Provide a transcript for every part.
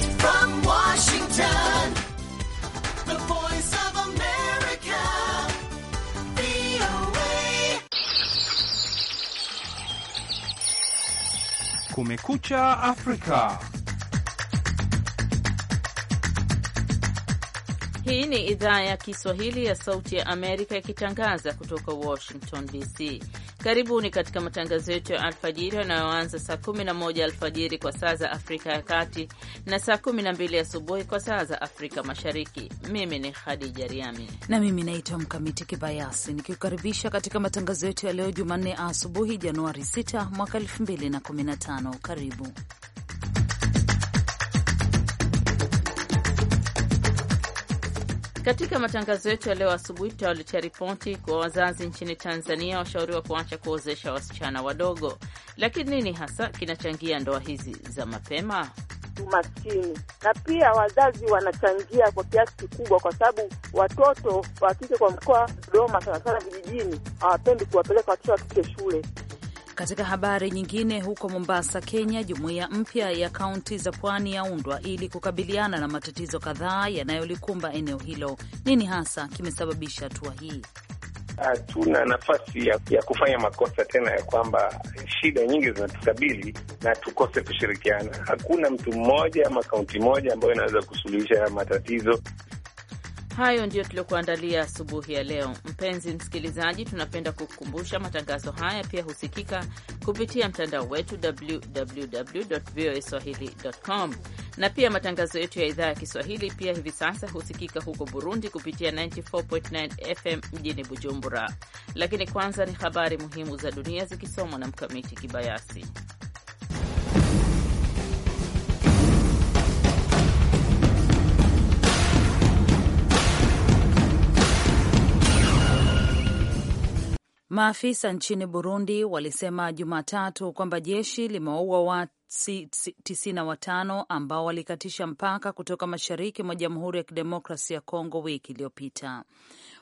from Washington, the voice of America, VOA. Kumekucha Afrika. Hii ni idhaa ya Kiswahili ya Sauti ya Amerika ikitangaza kutoka Washington DC. Karibuni katika matangazo yetu ya alfajiri yanayoanza saa 11 alfajiri kwa saa za Afrika ya Kati na saa 12 asubuhi kwa saa za Afrika Mashariki. Mimi ni Khadija Riami na mimi naitwa Mkamiti Kibayasi nikikukaribisha katika matangazo yetu ya leo Jumanne asubuhi, Januari 6 mwaka 2015. Karibu Katika matangazo yetu ya leo asubuhi tutawaletea ripoti kwa wazazi nchini Tanzania washauriwa kuacha kuozesha wasichana wadogo. Lakini nini hasa kinachangia ndoa hizi za mapema? Umaskini, na pia wazazi wanachangia kwa kiasi kikubwa, kwa sababu watoto wa kike kwa mkoa Dodoma, sana sana vijijini, hawapendi kuwapeleka watoto wa kike shule. Katika habari nyingine, huko Mombasa, Kenya, jumuiya mpya ya kaunti za pwani yaundwa ili kukabiliana na matatizo kadhaa yanayolikumba eneo hilo. Nini hasa kimesababisha hatua hii? Hatuna ah, nafasi ya, ya kufanya makosa tena ya kwamba shida nyingi zinatukabili na tukose kushirikiana. Hakuna mtu mmoja ama kaunti moja ambayo inaweza kusuluhisha haya matatizo. Hayo ndiyo tuliokuandalia asubuhi ya leo. Mpenzi msikilizaji, tunapenda kukukumbusha matangazo haya pia husikika kupitia mtandao wetu www voa swahili com, na pia matangazo yetu ya idhaa ya Kiswahili pia hivi sasa husikika huko Burundi kupitia 94.9 FM mjini Bujumbura. Lakini kwanza ni habari muhimu za dunia zikisomwa na Mkamiti Kibayasi. Maafisa nchini Burundi walisema Jumatatu kwamba jeshi limewaua watu 95 watano ambao walikatisha mpaka kutoka mashariki mwa Jamhuri ya Kidemokrasia ya Kongo wiki iliyopita.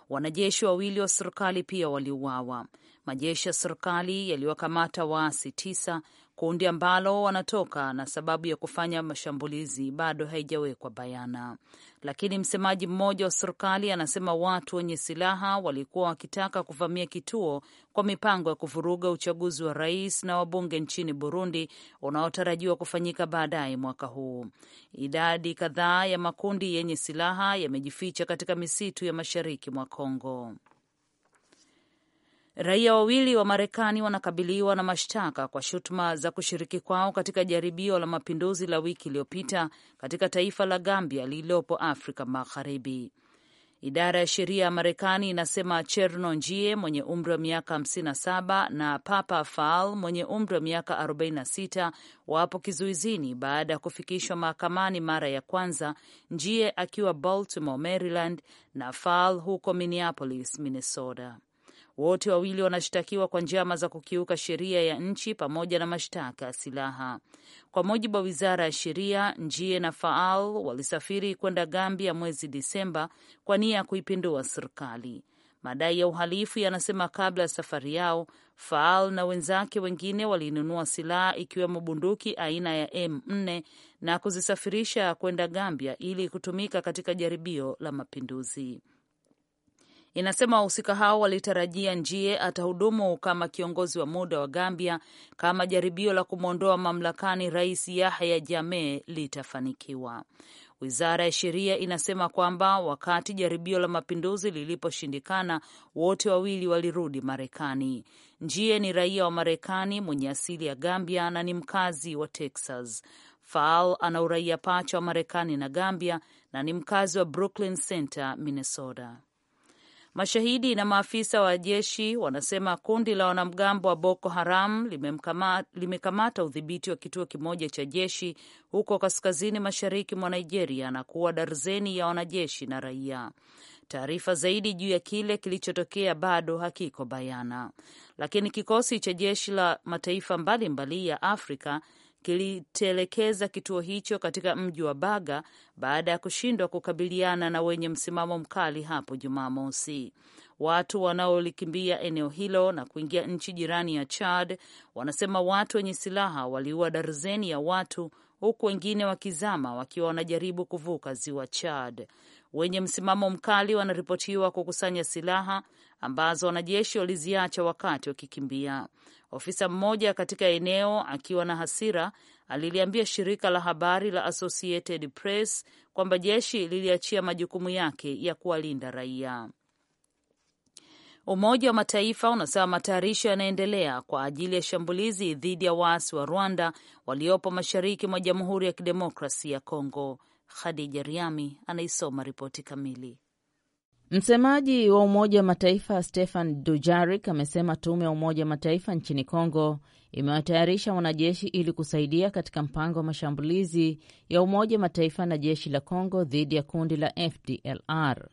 Wanajeshi wawili wa serikali pia waliuawa. Majeshi ya serikali yaliwakamata waasi tisa kundi ambalo wanatoka na sababu ya kufanya mashambulizi bado haijawekwa bayana, lakini msemaji mmoja wa serikali anasema watu wenye silaha walikuwa wakitaka kuvamia kituo kwa mipango ya kuvuruga uchaguzi wa rais na wabunge nchini Burundi unaotarajiwa kufanyika baadaye mwaka huu. Idadi kadhaa ya makundi yenye silaha yamejificha katika misitu ya mashariki mwa Kongo. Raia wawili wa Marekani wanakabiliwa na mashtaka kwa shutuma za kushiriki kwao katika jaribio la mapinduzi la wiki iliyopita katika taifa la Gambia lililopo Afrika Magharibi. Idara ya sheria ya Marekani inasema Cherno Njie mwenye umri wa miaka 57 na Papa Faal mwenye umri wa miaka 46 wapo kizuizini baada ya kufikishwa mahakamani mara ya kwanza, Njie akiwa Baltimore, Maryland, na Faal huko Minneapolis, Minnesota. Wote wawili wanashtakiwa kwa njama za kukiuka sheria ya nchi pamoja na mashtaka ya silaha. Kwa mujibu wa wizara ya sheria, Njie na Faal walisafiri kwenda Gambia mwezi Disemba kwa nia ya kuipindua serikali. Madai ya uhalifu yanasema kabla ya safari yao, Faal na wenzake wengine walinunua silaha ikiwemo bunduki aina ya M4 na kuzisafirisha kwenda Gambia ili kutumika katika jaribio la mapinduzi inasema wahusika hao walitarajia Njie atahudumu kama kiongozi wa muda wa Gambia kama jaribio la kumwondoa mamlakani Rais Yahya Jammeh litafanikiwa. Wizara ya sheria inasema kwamba wakati jaribio la mapinduzi liliposhindikana, wote wawili walirudi Marekani. Njie ni raia wa Marekani mwenye asili ya Gambia na ni mkazi wa Texas. Faal ana uraia pacha wa Marekani na Gambia na ni mkazi wa Brooklyn Center, Minnesota. Mashahidi na maafisa wa jeshi wanasema kundi la wanamgambo wa Boko Haram limekamata udhibiti wa kituo kimoja cha jeshi huko kaskazini mashariki mwa Nigeria na kuwa darzeni ya wanajeshi na raia. Taarifa zaidi juu ya kile kilichotokea bado hakiko bayana, lakini kikosi cha jeshi la mataifa mbalimbali ya Afrika kilitelekeza kituo hicho katika mji wa Baga baada ya kushindwa kukabiliana na wenye msimamo mkali hapo Jumamosi. Watu wanaolikimbia eneo hilo na kuingia nchi jirani ya Chad wanasema watu wenye silaha waliua darzeni ya watu huku wengine wakizama wakiwa wanajaribu kuvuka ziwa Chad. Wenye msimamo mkali wanaripotiwa kukusanya silaha ambazo wanajeshi waliziacha wakati wakikimbia. Ofisa mmoja katika eneo akiwa na hasira aliliambia shirika la habari la Associated Press kwamba jeshi liliachia majukumu yake ya kuwalinda raia. Umoja wa Mataifa unasema matayarisho yanaendelea kwa ajili ya shambulizi dhidi ya waasi wa Rwanda waliopo mashariki mwa Jamhuri ya Kidemokrasi ya Kongo. Khadija Riami anaisoma ripoti kamili. Msemaji wa Umoja wa Mataifa Stefan Dujarik amesema tume ya Umoja wa Mataifa nchini Kongo imewatayarisha wanajeshi ili kusaidia katika mpango wa mashambulizi ya Umoja wa Mataifa na jeshi la Kongo dhidi ya kundi la FDLR.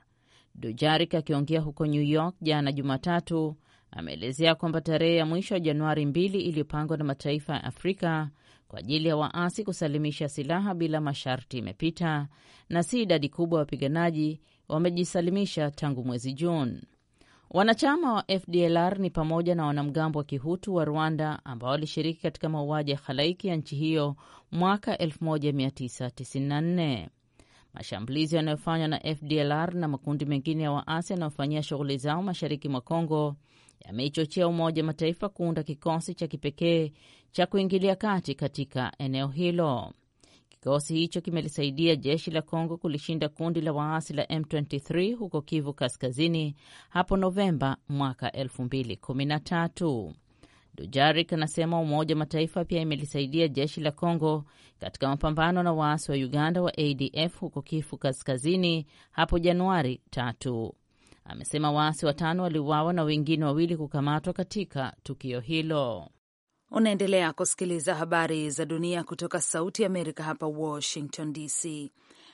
Dujarik akiongea huko New York jana Jumatatu ameelezea kwamba tarehe ya mwisho ya Januari mbili iliyopangwa na mataifa ya Afrika kwa ajili ya waasi kusalimisha silaha bila masharti imepita na si idadi kubwa ya wapiganaji wamejisalimisha tangu mwezi Juni. Wanachama wa FDLR ni pamoja na wanamgambo wa kihutu wa Rwanda ambao walishiriki katika mauaji ya halaiki ya nchi hiyo mwaka 1994. Mashambulizi yanayofanywa na FDLR na makundi mengine ya waasi yanayofanyia shughuli zao mashariki mwa Kongo yameichochea Umoja wa Mataifa kuunda kikosi cha kipekee cha kuingilia kati katika eneo hilo. Kikosi hicho kimelisaidia jeshi la Kongo kulishinda kundi la waasi la M23 huko Kivu Kaskazini hapo Novemba mwaka 2013. Dujarik anasema Umoja wa Mataifa pia imelisaidia jeshi la congo katika mapambano na waasi wa Uganda wa ADF huko Kivu Kaskazini hapo Januari tatu. Amesema waasi watano waliuawa na wengine wawili kukamatwa katika tukio hilo. Unaendelea kusikiliza habari za dunia kutoka Sauti ya Amerika hapa Washington DC.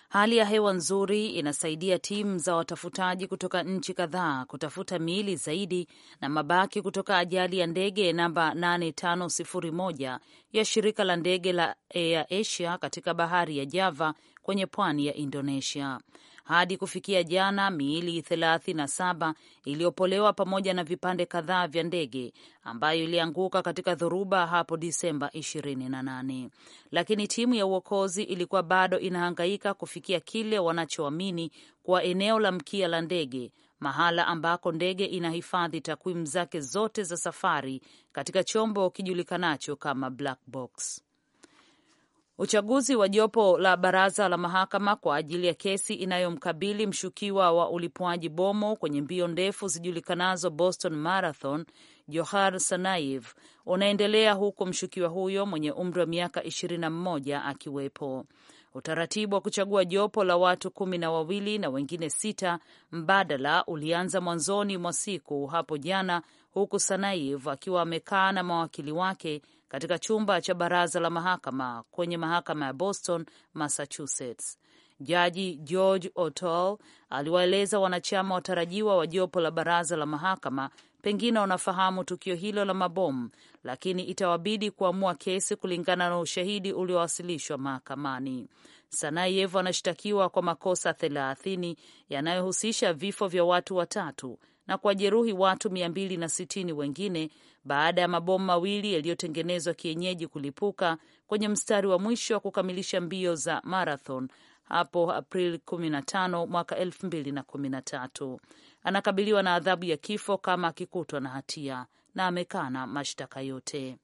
Hali ya hewa nzuri inasaidia timu za watafutaji kutoka nchi kadhaa kutafuta miili zaidi na mabaki kutoka ajali ya ndege namba 8501 ya shirika la ndege la Air Asia katika bahari ya Java kwenye pwani ya Indonesia. Hadi kufikia jana, miili saba iliyopolewa pamoja na vipande kadhaa vya ndege ambayo ilianguka katika dhoruba hapo Disemba 28, lakini timu ya uokozi ilikuwa bado inahangaika kufikia kile wanachoamini kuwa eneo la mkia la ndege mahala ambako ndege inahifadhi takwimu zake zote za safari katika chombo kijulikanacho kama black box. Uchaguzi wa jopo la baraza la mahakama kwa ajili ya kesi inayomkabili mshukiwa wa ulipuaji bomo kwenye mbio ndefu zijulikanazo Boston Marathon Johar sanaiv unaendelea huku mshukiwa huyo mwenye umri wa miaka 21 akiwepo. Utaratibu wa kuchagua jopo la watu kumi na wawili na wengine sita mbadala ulianza mwanzoni mwa siku hapo jana, huku sanaiv akiwa amekaa na mawakili wake katika chumba cha baraza la mahakama kwenye mahakama ya Boston, Massachusetts. Jaji George O'Toole aliwaeleza wanachama watarajiwa wa jopo la baraza la mahakama, pengine wanafahamu tukio hilo la mabomu, lakini itawabidi kuamua kesi kulingana na ushahidi uliowasilishwa mahakamani. Sanayev anashtakiwa kwa makosa thelathini yanayohusisha vifo vya watu watatu na kuwajeruhi watu 260 wengine baada ya mabomu mawili yaliyotengenezwa kienyeji kulipuka kwenye mstari wa mwisho wa kukamilisha mbio za marathon hapo Aprili 15 mwaka 2013. Anakabiliwa na adhabu ya kifo kama akikutwa na hatia na amekana mashtaka yote.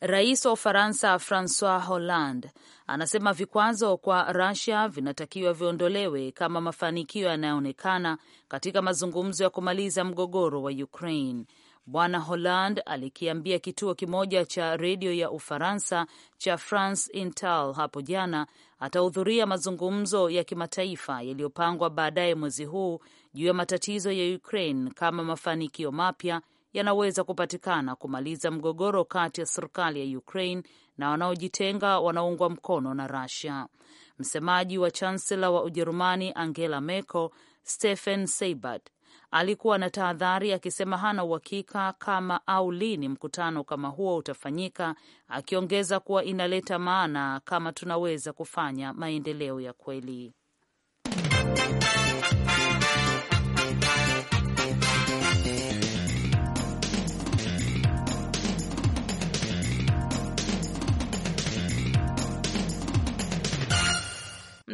Rais wa Ufaransa Francois Hollande anasema vikwazo kwa Russia vinatakiwa viondolewe kama mafanikio yanayoonekana katika mazungumzo ya kumaliza mgogoro wa Ukraine. Bwana Hollande alikiambia kituo kimoja cha redio ya Ufaransa cha France intal hapo jana atahudhuria mazungumzo ya kimataifa yaliyopangwa baadaye mwezi huu juu ya matatizo ya Ukraine kama mafanikio mapya yanaweza kupatikana kumaliza mgogoro kati ya serikali ya Ukraine na wanaojitenga wanaungwa mkono na Russia. Msemaji wa chansela wa Ujerumani Angela Merkel Stephen Seibert alikuwa na tahadhari akisema hana uhakika kama au lini mkutano kama huo utafanyika, akiongeza kuwa inaleta maana kama tunaweza kufanya maendeleo ya kweli.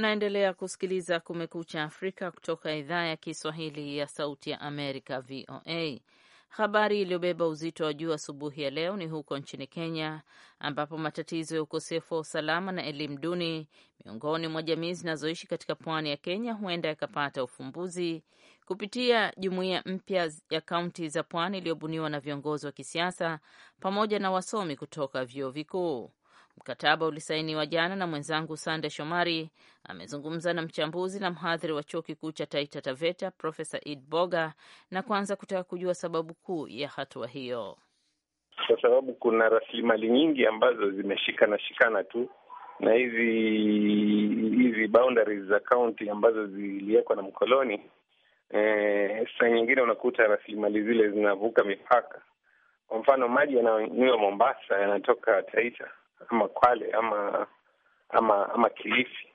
Mnaendelea kusikiliza Kumekucha Afrika kutoka idhaa ya Kiswahili ya Sauti ya Amerika, VOA. Habari iliyobeba uzito wa juu asubuhi ya leo ni huko nchini Kenya, ambapo matatizo ya ukosefu wa usalama na elimu duni miongoni mwa jamii zinazoishi katika pwani ya Kenya huenda yakapata ufumbuzi kupitia jumuiya mpya ya kaunti za pwani iliyobuniwa na viongozi wa kisiasa pamoja na wasomi kutoka vyuo vikuu. Mkataba ulisainiwa jana na mwenzangu Sande Shomari amezungumza na mchambuzi na mhadhiri wa chuo kikuu cha Taita Taveta Profesa Ed Boga, na kwanza kutaka kujua sababu kuu ya hatua hiyo. Kwa sababu kuna rasilimali nyingi ambazo zimeshikana shikana tu na hizi hizi boundaries za kaunti ambazo ziliwekwa na mkoloni. E, saa nyingine unakuta rasilimali zile zinavuka mipaka. Kwa mfano maji yanayonywa Mombasa yanatoka Taita ama Kwale ama ama ama Kilifi.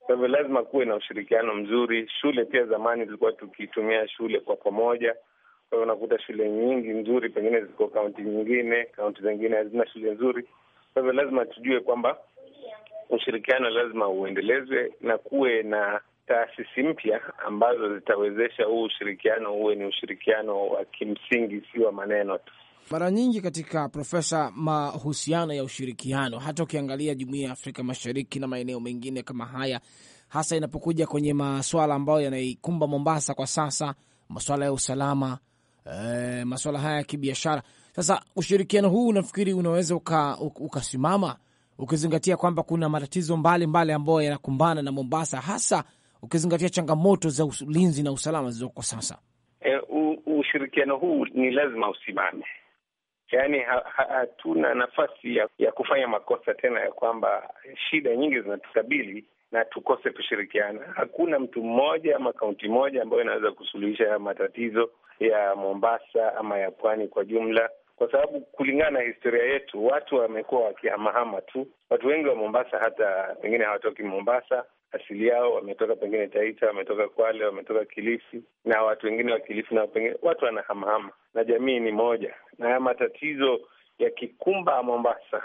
Kwa hivyo lazima kuwe na ushirikiano mzuri. Shule pia zamani tulikuwa tukitumia shule kwa pamoja, kwa hiyo unakuta shule nyingi nzuri pengine ziko kaunti nyingine, kaunti zingine hazina shule nzuri. Kwa hivyo lazima tujue kwamba ushirikiano lazima uendelezwe na kuwe na taasisi mpya ambazo zitawezesha huu ushirikiano uwe ni ushirikiano wa kimsingi, si wa maneno tu. Mara nyingi katika Profesa, mahusiano ya ushirikiano, hata ukiangalia jumuiya ya Afrika Mashariki na maeneo mengine kama haya, hasa inapokuja kwenye maswala ambayo yanaikumba Mombasa kwa sasa, maswala ya usalama, e, maswala haya ya kibiashara. Sasa ushirikiano huu unafikiri unaweza uka, ukasimama ukizingatia kwamba kuna matatizo mbalimbali ambayo yanakumbana na Mombasa, hasa ukizingatia changamoto za ulinzi na usalama zilizoko sasa? E, ushirikiano huu ni lazima usimame yaani hatuna ha, nafasi ya, ya kufanya makosa tena ya kwamba shida nyingi zinatukabili na tukose kushirikiana. Hakuna mtu mmoja ama kaunti moja ambayo inaweza kusuluhisha matatizo ya Mombasa ama ya pwani kwa jumla kwa sababu kulingana na historia yetu watu wamekuwa wakihamahama tu. Watu wengi wa Mombasa hata pengine hawatoki Mombasa, asili yao wametoka pengine Taita, wametoka Kwale, wametoka Kilifi na watu wengine wa Kilifi na pengine watu wanahamahama, na jamii ni moja, na haya matatizo yakikumba Mombasa,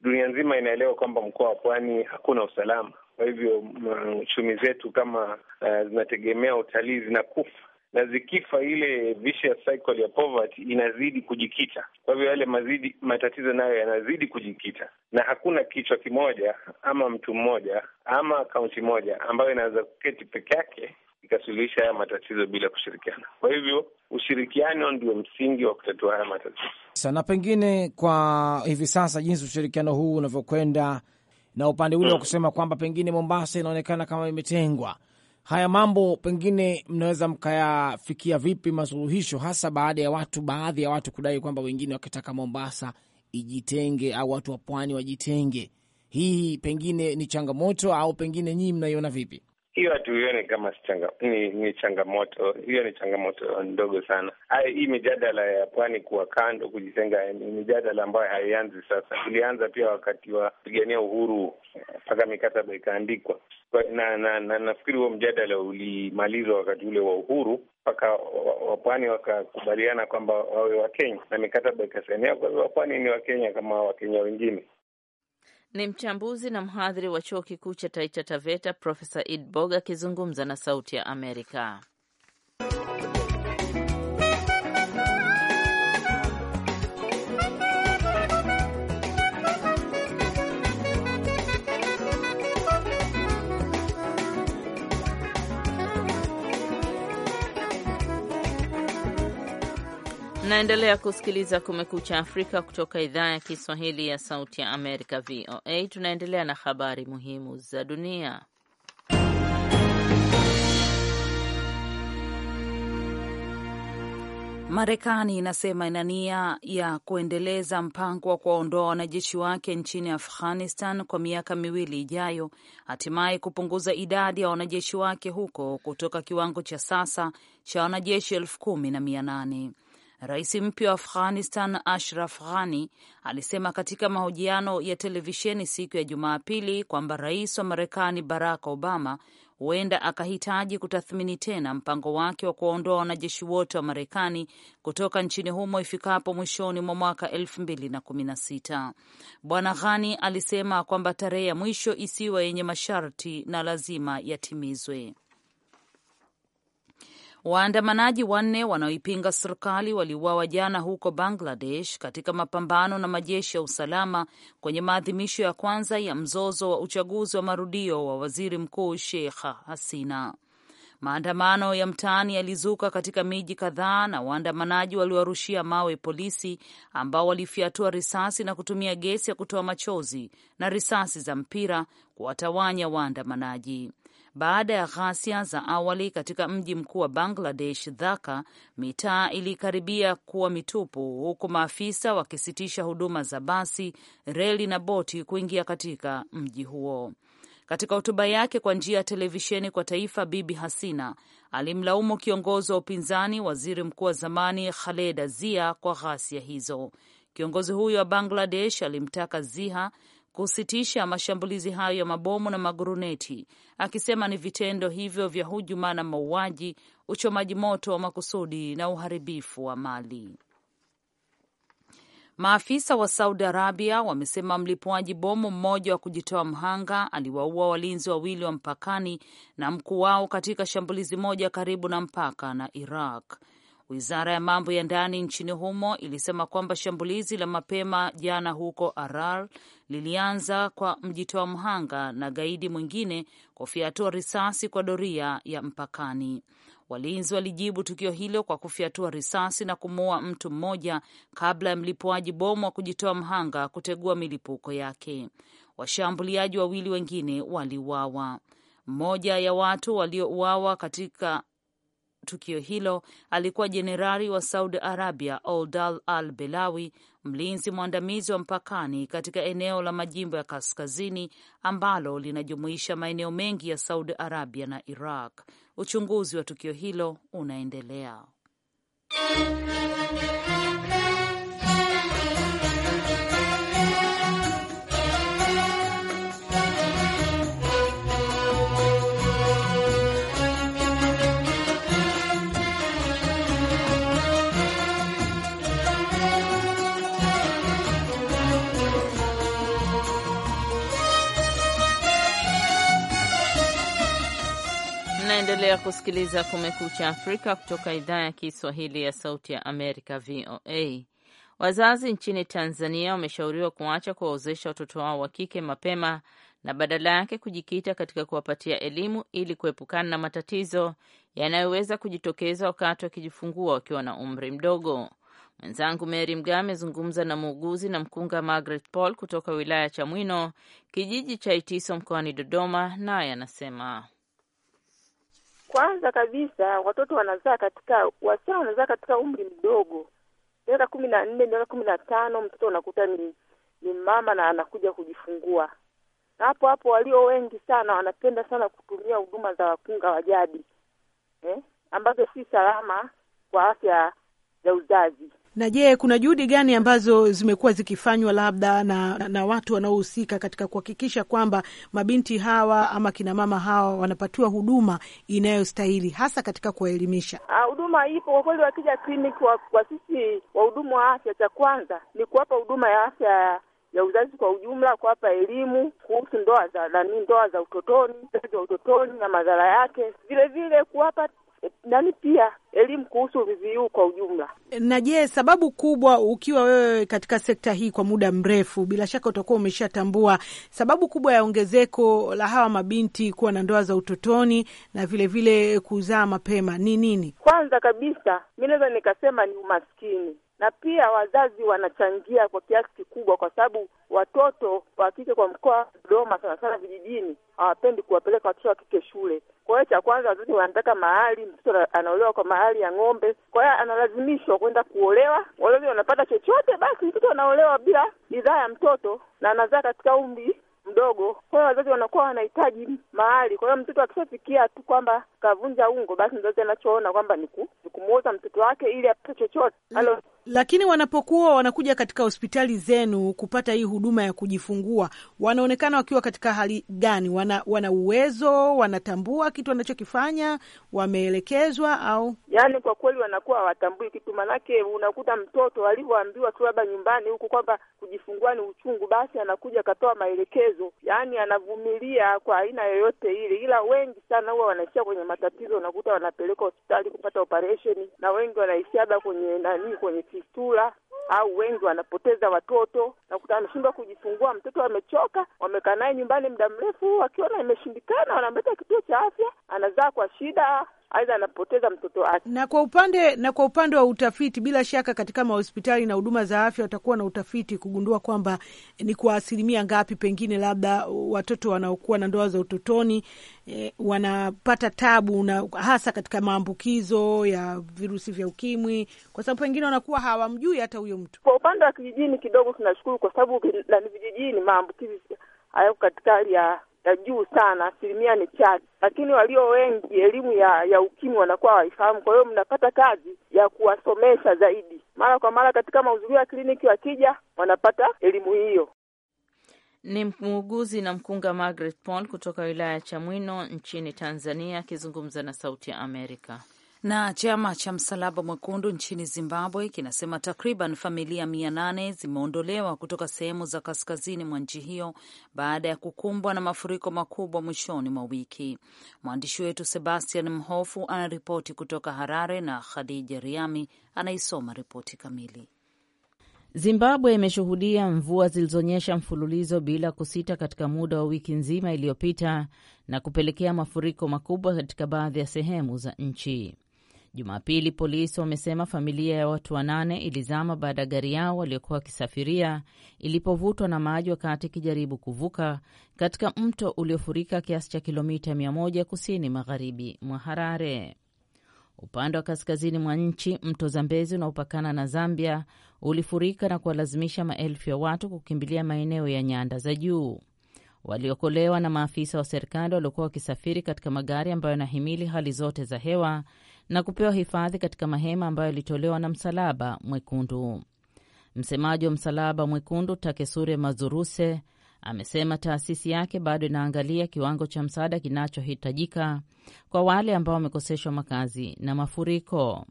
dunia nzima inaelewa kwamba mkoa wa Pwani hakuna usalama. Kwa hivyo mm, uchumi zetu kama uh, zinategemea utalii zinakufa na zikifa, ile vicious cycle ya poverty inazidi kujikita. Kwa hivyo yale mazidi matatizo nayo yanazidi kujikita, na hakuna kichwa kimoja ama mtu mmoja ama kaunti moja ambayo inaweza kuketi peke yake ikasuluhisha haya matatizo bila kushirikiana. Kwa hivyo ushirikiano ndio msingi wa kutatua haya matatizo sana. Pengine kwa hivi sasa, jinsi ushirikiano huu unavyokwenda na upande ule wa hmm. kusema kwamba pengine Mombasa inaonekana kama imetengwa haya mambo pengine mnaweza mkayafikia vipi masuluhisho, hasa baada ya watu, baadhi ya watu kudai kwamba wengine wakitaka Mombasa ijitenge au watu wa pwani wajitenge? Hii pengine ni changamoto au pengine nyinyi mnaiona vipi? hiyo hatuione kama changa, ni, ni changamoto hiyo ni changamoto ndogo sana. Haya, hii mijadala ya pwani kuwa kando, kujitenga ni mijadala ambayo haianzi sasa, ilianza pia wakati wa pigania uhuru mpaka mikataba ikaandikwa na na, na nafikiri huo mjadala ulimalizwa wakati ule wa uhuru mpaka wapwani wakakubaliana kwamba wawe Wakenya na mikataba ikasainiwa. Kwa hivyo wapwani ni Wakenya kama Wakenya wengine. Ni mchambuzi na mhadhiri wa chuo kikuu cha Taita Taveta, Profesa Ed Bog akizungumza na Sauti ya Amerika. naendelea kusikiliza Kumekucha Afrika kutoka idhaa ya Kiswahili ya Sauti ya Amerika, VOA. Tunaendelea na habari muhimu za dunia. Marekani inasema ina nia ya kuendeleza mpango wa kuwaondoa wanajeshi wake nchini Afghanistan kwa miaka miwili ijayo, hatimaye kupunguza idadi ya wanajeshi wake huko kutoka kiwango cha sasa cha wanajeshi elfu kumi na mia nane. Rais mpya wa Afghanistan Ashraf Ghani alisema katika mahojiano ya televisheni siku ya Jumapili kwamba rais wa Marekani Barack Obama huenda akahitaji kutathmini tena mpango wake wa kuwaondoa wanajeshi wote wa Marekani kutoka nchini humo ifikapo mwishoni mwa mwaka elfu mbili na kumi na sita. Bwana Ghani alisema kwamba tarehe ya mwisho isiwe yenye masharti na lazima yatimizwe. Waandamanaji wanne wanaoipinga serikali waliuawa jana huko Bangladesh katika mapambano na majeshi ya usalama kwenye maadhimisho ya kwanza ya mzozo wa uchaguzi wa marudio wa waziri mkuu Sheikh Hasina. Maandamano ya mtaani yalizuka katika miji kadhaa na waandamanaji waliwarushia mawe polisi ambao walifyatua risasi na kutumia gesi ya kutoa machozi na risasi za mpira kuwatawanya waandamanaji baada ya ghasia za awali katika mji mkuu wa Bangladesh, Dhaka. Mitaa ilikaribia kuwa mitupu, huku maafisa wakisitisha huduma za basi, reli na boti kuingia katika mji huo. Katika hotuba yake kwa njia ya televisheni kwa taifa, Bibi Hasina alimlaumu kiongozi wa upinzani, waziri mkuu wa zamani khaleda Zia kwa ghasia hizo. Kiongozi huyo wa Bangladesh alimtaka Ziha kusitisha mashambulizi hayo ya mabomu na maguruneti, akisema ni vitendo hivyo vya hujuma na mauaji, uchomaji moto wa makusudi na uharibifu wa mali. Maafisa wa Saudi Arabia wamesema mlipuaji bomu mmoja wa kujitoa mhanga aliwaua walinzi wawili wa mpakani na mkuu wao katika shambulizi moja karibu na mpaka na Iraq. Wizara ya mambo ya ndani nchini humo ilisema kwamba shambulizi la mapema jana huko Arar lilianza kwa mjitoa mhanga na gaidi mwingine kufyatua risasi kwa doria ya mpakani. Walinzi walijibu tukio hilo kwa kufyatua risasi na kumuua mtu mmoja kabla ya mlipuaji bomu wa kujitoa mhanga kutegua milipuko yake. Washambuliaji wawili wengine waliuawa. Mmoja ya watu waliouawa katika tukio hilo alikuwa jenerali wa Saudi Arabia Oldal Al Belawi, mlinzi mwandamizi wa mpakani katika eneo la majimbo ya kaskazini ambalo linajumuisha maeneo mengi ya Saudi Arabia na Iraq. Uchunguzi wa tukio hilo unaendelea. Unaendelea kusikiliza Kumekucha Afrika kutoka idhaa ya Kiswahili ya Sauti ya Amerika, VOA. Wazazi nchini Tanzania wameshauriwa kuacha kuwaozesha watoto wao wa kike mapema na badala yake kujikita katika kuwapatia elimu ili kuepukana na matatizo yanayoweza kujitokeza wakati wakijifungua wakiwa na umri mdogo. Mwenzangu Mary Mgawe amezungumza na muuguzi na mkunga Margaret Paul kutoka wilaya ya Chamwino, kijiji cha Itiso mkoani Dodoma, naye anasema kwanza kabisa watoto wanazaa katika, wasichana wanazaa katika umri mdogo, miaka kumi na nne, miaka kumi na tano, mtoto unakuta ni ni mama na anakuja kujifungua. Na hapo hapo walio wengi sana wanapenda sana kutumia huduma za wakunga wa jadi eh, ambazo si salama kwa afya za uzazi. Na je, kuna juhudi gani ambazo zimekuwa zikifanywa labda na, na, watu wanaohusika katika kuhakikisha kwamba mabinti hawa ama kinamama hawa wanapatiwa huduma inayostahili hasa katika kuwaelimisha? Ah, huduma ipo kwa kweli, wakija kliniki wa, kwa sisi wahudumu wa afya, cha kwanza ni kuwapa huduma ya afya ya uzazi kwa ujumla, kuwapa elimu kuhusu ndoa za nani, ndoa za utotoni, za utotoni na madhara yake, vilevile kuwapa nani pia elimu kuhusu VVU kwa ujumla. Na je, sababu kubwa, ukiwa wewe katika sekta hii kwa muda mrefu, bila shaka utakuwa umeshatambua sababu kubwa ya ongezeko la hawa mabinti kuwa na ndoa za utotoni na vilevile kuzaa mapema ni nini? Kwanza kabisa mi naweza nikasema ni umaskini na pia wazazi wanachangia kwa kiasi kikubwa, kwa sababu watoto wa kike kwa mkoa wa Dodoma sana sana vijijini hawapendi kuwapeleka watoto wa kike shule. Kwa hiyo cha kwanza wazazi wanataka mahali, mtoto anaolewa kwa mahali ya ng'ombe, kwa hiyo analazimishwa kwenda kuolewa. Wazazi wanapata chochote, basi mtoto anaolewa bila bidhaa ya mtoto, na anazaa katika umri mdogo. Kwa hiyo wazazi wanakuwa wanahitaji mahali. Kwa hiyo mtoto akishafikia tu kwamba kavunja ungo, basi mzazi anachoona kwamba ni kumwoza mtoto wake ili apate chochote mm. Lakini wanapokuwa wanakuja katika hospitali zenu kupata hii huduma ya kujifungua, wanaonekana wakiwa katika hali gani? Wana, wana uwezo, wanatambua kitu wanachokifanya, wameelekezwa au? yani kwa kweli wanakuwa hawatambui kitu, maanake unakuta mtoto alivyoambiwa tu labda nyumbani huku kwamba kujifungua ni uchungu, basi anakuja akatoa maelekezo, yani anavumilia kwa aina yoyote ile, ila wengi sana huwa wanaishia kwenye matatizo, unakuta wanapelekwa hospitali kupata operesheni na wengi wanaishia labda kwenye nani, kwenye kisura au wengi wanapoteza watoto, nakuta wanashindwa kujifungua, mtoto amechoka, wamekaa naye nyumbani muda mrefu, wakiona imeshindikana, wanamleta kituo cha afya, anazaa kwa shida aidha anapoteza mtoto wake. Na kwa upande na kwa upande wa utafiti, bila shaka katika mahospitali na huduma za afya watakuwa na utafiti kugundua kwamba ni kwa asilimia ngapi pengine labda watoto wanaokuwa na ndoa za utotoni eh, wanapata tabu na hasa katika maambukizo ya virusi vya ukimwi, kwa sababu pengine wanakuwa hawamjui hata huyo mtu. Kwa upande wa kijijini kidogo tunashukuru, kwa sababu vijijini maambukizi hayako katika hali ya ya juu sana, asilimia ni chache, lakini walio wengi elimu ya ya ukimwi wanakuwa waifahamu Kwa hiyo mnapata kazi ya kuwasomesha zaidi mara kwa mara katika mahudhurio ya kliniki, wakija wanapata elimu hiyo. Ni muuguzi na mkunga Margaret Paul kutoka wilaya ya Chamwino nchini Tanzania akizungumza na Sauti ya Amerika. Na chama cha Msalaba Mwekundu nchini Zimbabwe kinasema takriban familia mia nane zimeondolewa kutoka sehemu za kaskazini mwa nchi hiyo baada ya kukumbwa na mafuriko makubwa mwishoni mwa wiki. Mwandishi wetu Sebastian Mhofu anaripoti kutoka Harare na Khadija Riami anaisoma ripoti kamili. Zimbabwe imeshuhudia mvua zilizonyesha mfululizo bila kusita katika muda wa wiki nzima iliyopita na kupelekea mafuriko makubwa katika baadhi ya sehemu za nchi. Jumapili polisi wamesema familia ya watu wanane ilizama baada ya gari yao waliokuwa wakisafiria ilipovutwa na maji wakati ikijaribu kuvuka katika mto uliofurika kiasi cha kilomita 1 kusini magharibi mwa Harare. Upande wa kaskazini mwa nchi, mto Zambezi unaopakana na Zambia ulifurika na kuwalazimisha maelfu ya watu kukimbilia maeneo ya nyanda za juu. Waliokolewa na maafisa wa serikali waliokuwa wakisafiri katika magari ambayo yanahimili hali zote za hewa na kupewa hifadhi katika mahema ambayo yalitolewa na Msalaba Mwekundu. Msemaji wa Msalaba Mwekundu Takesure Mazuruse amesema taasisi yake bado inaangalia kiwango cha msaada kinachohitajika kwa wale ambao wamekoseshwa makazi na mafuriko.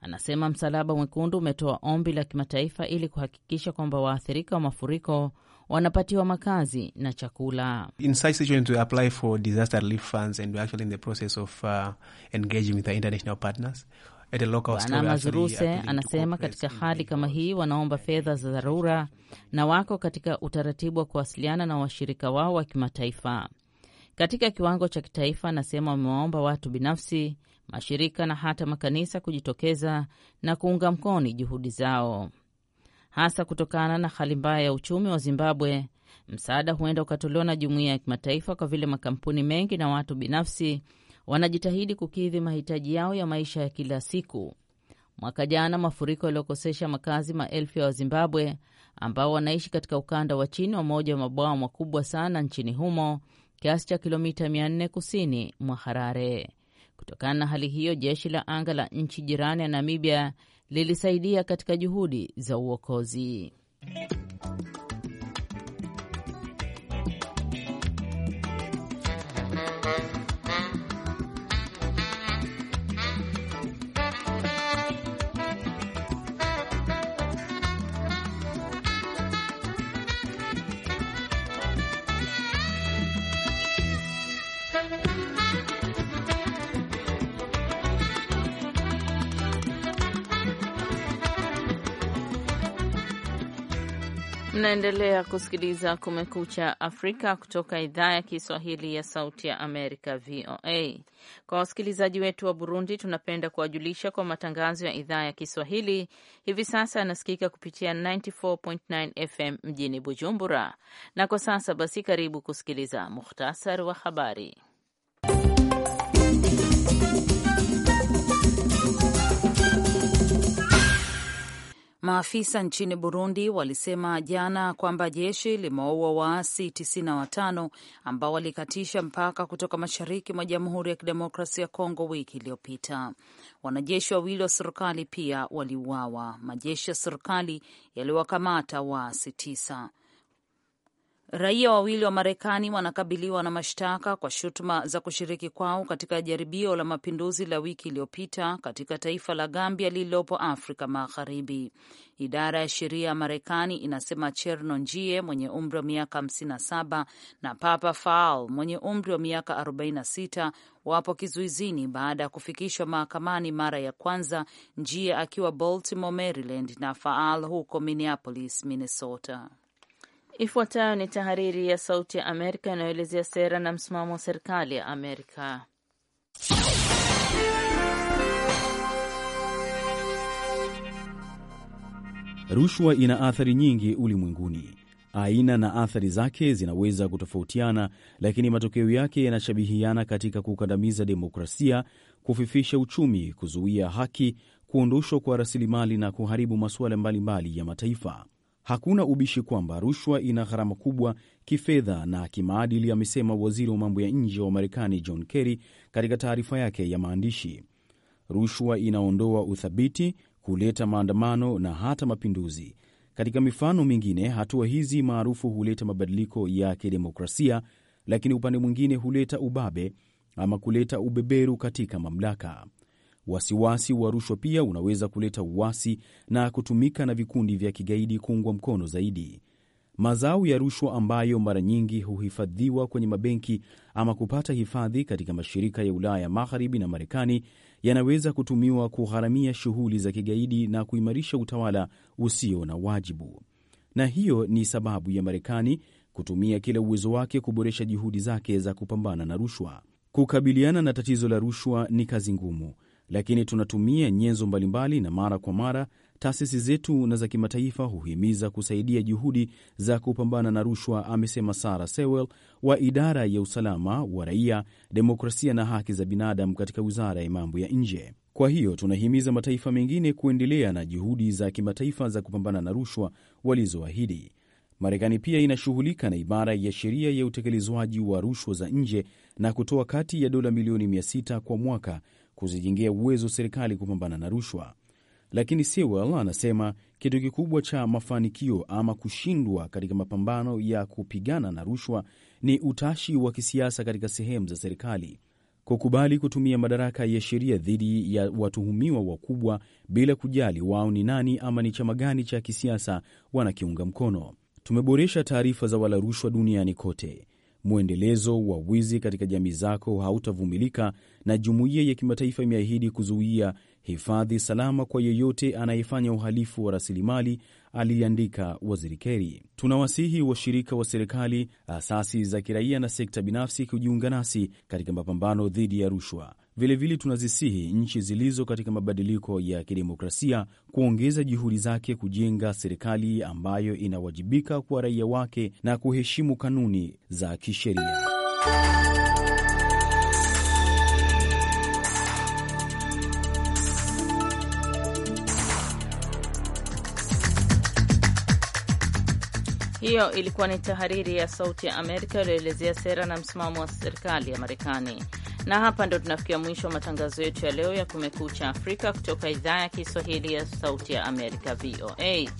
Anasema Msalaba Mwekundu umetoa ombi la kimataifa ili kuhakikisha kwamba waathirika wa mafuriko wanapatiwa makazi na chakula. Uh, Bwana Mazuruse anasema katika hali kama hii wanaomba fedha za dharura na wako katika utaratibu wa kuwasiliana na washirika wao wa kimataifa. Katika kiwango cha kitaifa, anasema wamewaomba watu binafsi, mashirika na hata makanisa kujitokeza na kuunga mkono juhudi zao hasa kutokana na hali mbaya ya uchumi wa Zimbabwe. Msaada huenda ukatolewa na jumuiya ya kimataifa kwa vile makampuni mengi na watu binafsi wanajitahidi kukidhi mahitaji yao ya maisha ya kila siku. Mwaka jana mafuriko yaliokosesha makazi maelfu ya Wazimbabwe ambao wanaishi katika ukanda wa chini wa moja wa mabwawa makubwa sana nchini humo kiasi cha kilomita 400 kusini mwa Harare. Kutokana na hali hiyo, jeshi la anga la nchi jirani ya Namibia lilisaidia katika juhudi za uokozi. Mnaendelea kusikiliza Kumekucha Afrika kutoka idhaa ya Kiswahili ya Sauti ya Amerika, VOA. Kwa wasikilizaji wetu wa Burundi, tunapenda kuwajulisha kwa matangazo ya idhaa ya Kiswahili hivi sasa yanasikika kupitia 94.9 FM mjini Bujumbura. Na kwa sasa basi, karibu kusikiliza muhtasari wa habari. Maafisa nchini Burundi walisema jana kwamba jeshi limewaua waasi 95 ambao walikatisha mpaka kutoka mashariki mwa Jamhuri ya Kidemokrasia ya Kongo wiki iliyopita. Wanajeshi wawili wa serikali pia waliuawa. Majeshi ya serikali yaliwakamata waasi tisa. Raia wawili wa Marekani wanakabiliwa na mashtaka kwa shutuma za kushiriki kwao katika jaribio la mapinduzi la wiki iliyopita katika taifa la Gambia lililopo Afrika Magharibi. Idara ya sheria ya Marekani inasema Cherno Njie mwenye umri wa miaka 57 na Papa Faal mwenye umri wa miaka 46 wapo kizuizini baada ya kufikishwa mahakamani mara ya kwanza, Njie akiwa Baltimore, Maryland na Faal huko Minneapolis, Minnesota. Ifuatayo ni tahariri ya Sauti ya Amerika inayoelezea sera na msimamo wa serikali ya Amerika. Rushwa ina athari nyingi ulimwenguni. Aina na athari zake zinaweza kutofautiana, lakini matokeo yake yanashabihiana katika kukandamiza demokrasia, kufifisha uchumi, kuzuia haki, kuondoshwa kwa rasilimali na kuharibu masuala mbalimbali ya mataifa. Hakuna ubishi kwamba rushwa ina gharama kubwa kifedha na kimaadili, amesema waziri wa mambo ya nje wa Marekani John Kerry katika taarifa yake ya maandishi. Rushwa inaondoa uthabiti, kuleta maandamano na hata mapinduzi. Katika mifano mingine, hatua hizi maarufu huleta mabadiliko ya kidemokrasia, lakini upande mwingine huleta ubabe ama kuleta ubeberu katika mamlaka. Wasiwasi wa rushwa pia unaweza kuleta uasi na kutumika na vikundi vya kigaidi kuungwa mkono zaidi. Mazao ya rushwa ambayo mara nyingi huhifadhiwa kwenye mabenki ama kupata hifadhi katika mashirika ya Ulaya ya Magharibi na Marekani yanaweza kutumiwa kugharamia shughuli za kigaidi na kuimarisha utawala usio na wajibu. Na hiyo ni sababu ya Marekani kutumia kila uwezo wake kuboresha juhudi zake za kupambana na rushwa. Kukabiliana na tatizo la rushwa ni kazi ngumu, lakini tunatumia nyenzo mbalimbali, na mara kwa mara taasisi zetu na za kimataifa huhimiza kusaidia juhudi za kupambana na rushwa, amesema Sara Sewell wa idara ya usalama wa raia, demokrasia na haki za binadamu katika wizara ya mambo ya nje. Kwa hiyo tunahimiza mataifa mengine kuendelea na juhudi za kimataifa za kupambana na rushwa walizoahidi. Marekani pia inashughulika na ibara ya sheria ya utekelezwaji wa rushwa za nje na kutoa kati ya dola milioni 600 kwa mwaka kuzijengea uwezo serikali kupambana na rushwa. Lakini Sewell anasema kitu kikubwa cha mafanikio ama kushindwa katika mapambano ya kupigana na rushwa ni utashi wa kisiasa katika sehemu za serikali, kukubali kutumia madaraka ya sheria dhidi ya watuhumiwa wakubwa bila kujali wao ni nani ama ni chama gani cha kisiasa wanakiunga mkono. Tumeboresha taarifa za wala rushwa duniani kote, Mwendelezo wa wizi katika jamii zako hautavumilika, na jumuiya ya kimataifa imeahidi kuzuia hifadhi salama kwa yeyote anayefanya uhalifu wa rasilimali, aliandika Waziri keri Tunawasihi washirika wa serikali, asasi za kiraia na sekta binafsi kujiunga nasi katika mapambano dhidi ya rushwa. Vilevile tunazisihi nchi zilizo katika mabadiliko ya kidemokrasia kuongeza juhudi zake kujenga serikali ambayo inawajibika kwa raia wake na kuheshimu kanuni za kisheria. Hiyo ilikuwa ni tahariri ya Sauti ya Amerika iliyoelezea sera na msimamo wa serikali ya Marekani. Na hapa ndo tunafikia mwisho wa matangazo yetu ya leo ya Kumekucha Afrika kutoka idhaa ya Kiswahili ya Sauti ya Amerika, VOA.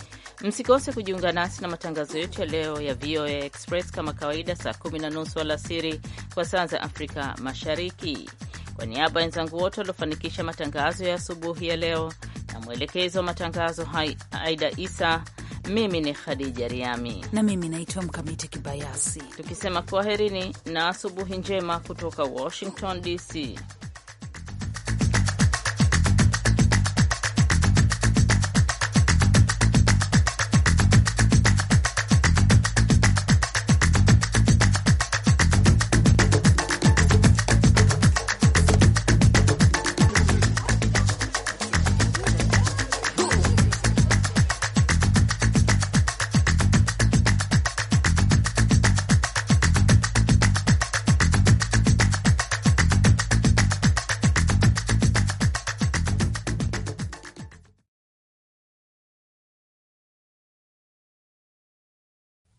Msikose kujiunga nasi na matangazo yetu ya leo ya VOA Express kama kawaida, saa kumi na nusu alasiri kwa saa za Afrika Mashariki. Kwa niaba ya wenzangu wote waliofanikisha matangazo ya asubuhi ya leo na mwelekezo wa matangazo Aida Isa mimi ni Khadija Riami na mimi naitwa Mkamiti Kibayasi, tukisema kwaherini na asubuhi njema kutoka Washington DC.